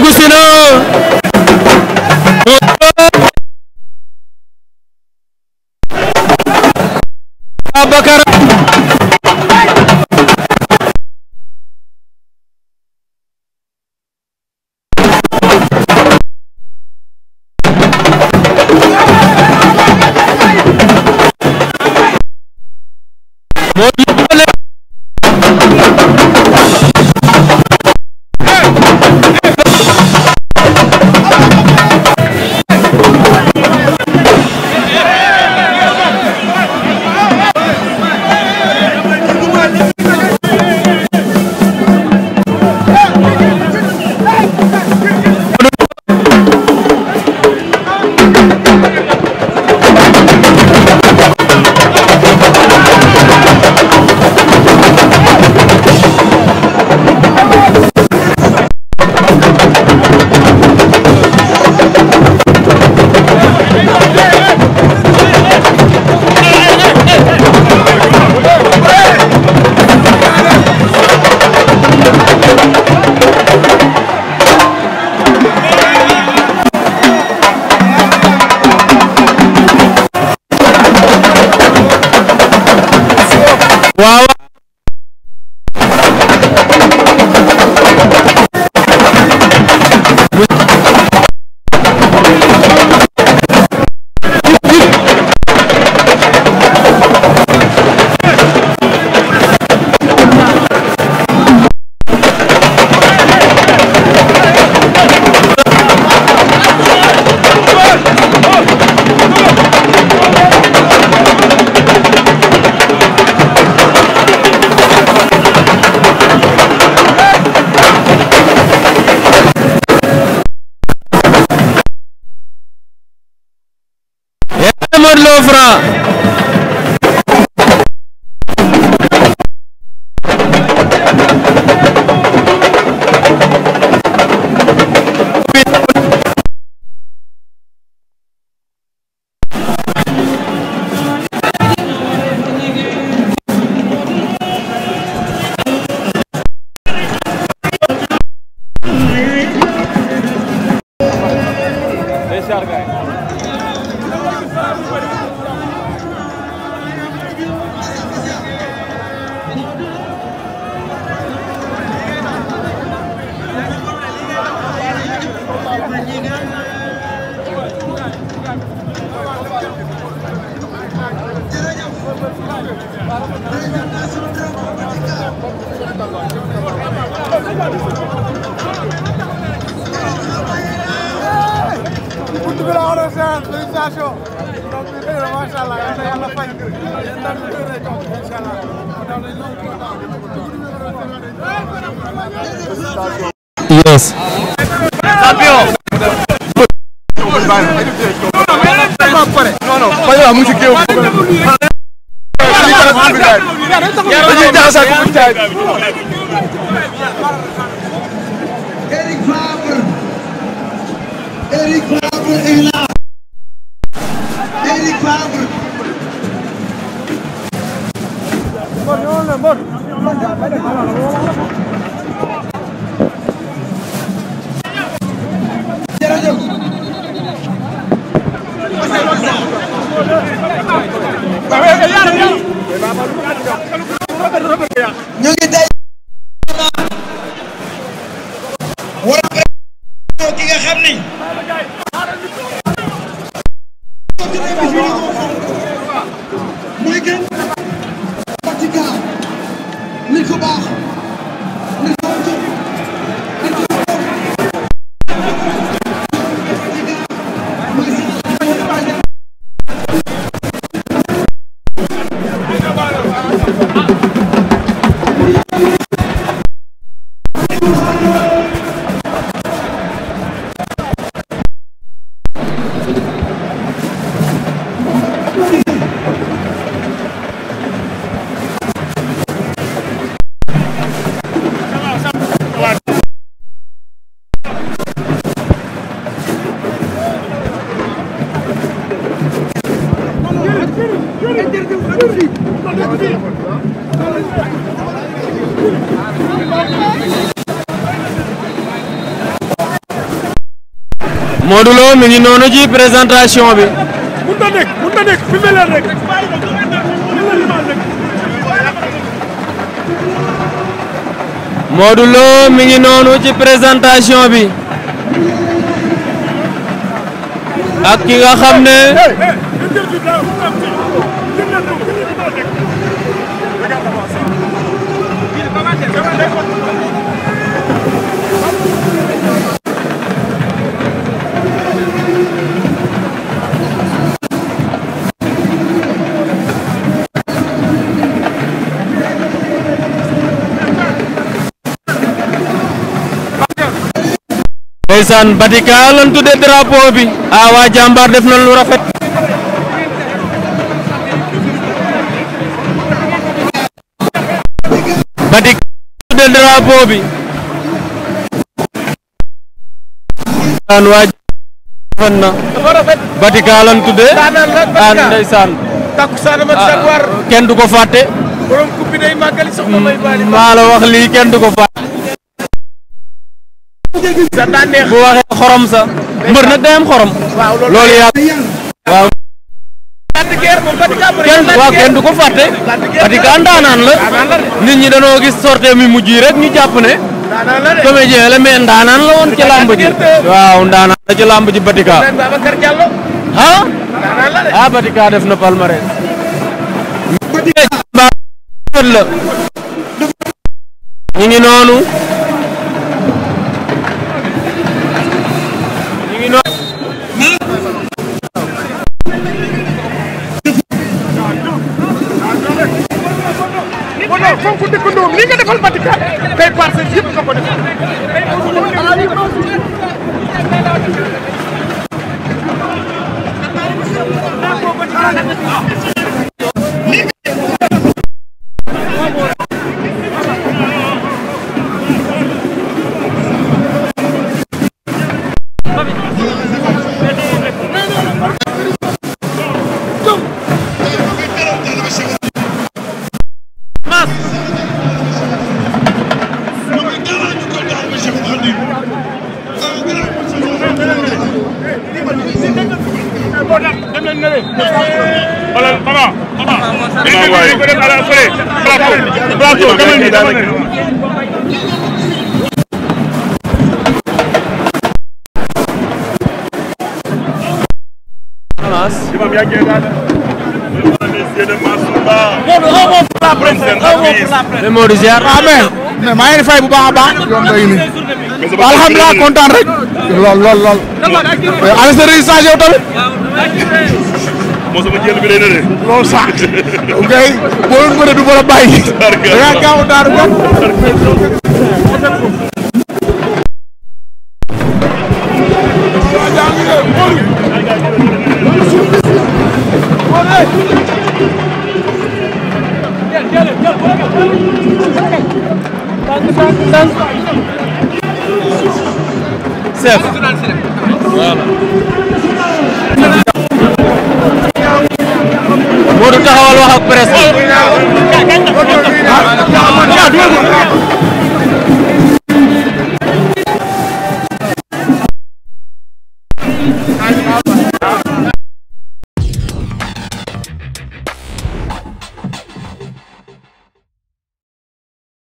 dugg si na Abakar waaw Modou Lo Franc Yes. Champion. non non Fadia mu ngi si géew bi. dañuy jaxasaay ko bu caay. Eric Fabre Eric Fabre Modou Lo mi ngi noonu ci présentation bi. mun na ci présentation bi. ak ki nga xam ne. ndeysaan Badika lan tuddee drapeau bi ah, def na lu rafet Fatick de drapeau bi an na Batika lan tudde an ah, kenn du ko fàtte mm, maa la wax lii kenn du ko fàtte bu waxee xorom sa mbër nag day xorom loolu yaa kenn waaw kenn du ko fàtte Fatick ndaanaan la nit ñi danoo gis sortie mi mujj rek ñu jàpp ne comédien la mais ndaanaan la woon ci làmb ji waaw ndaanaan la ci làmb ji Fatick ah ah Fatick def na palmarès ñu ngi noonu fonk dëkkandoom li nga defal Madické tey parcelles yëpp nga ko def. Ah. dem nañ nële. wala papa papa. waaw fay bu baax a baax alhamdulilah kontaan rek lool lool lool ana sa réussite yow tamit moo sama jël bi lay nële. loolu sax ngay boo doon bëre du mën a bàyyi. da ngaa gaaw daanu ko. Thank you. chef voilà. Modou taxawal wax ak presse.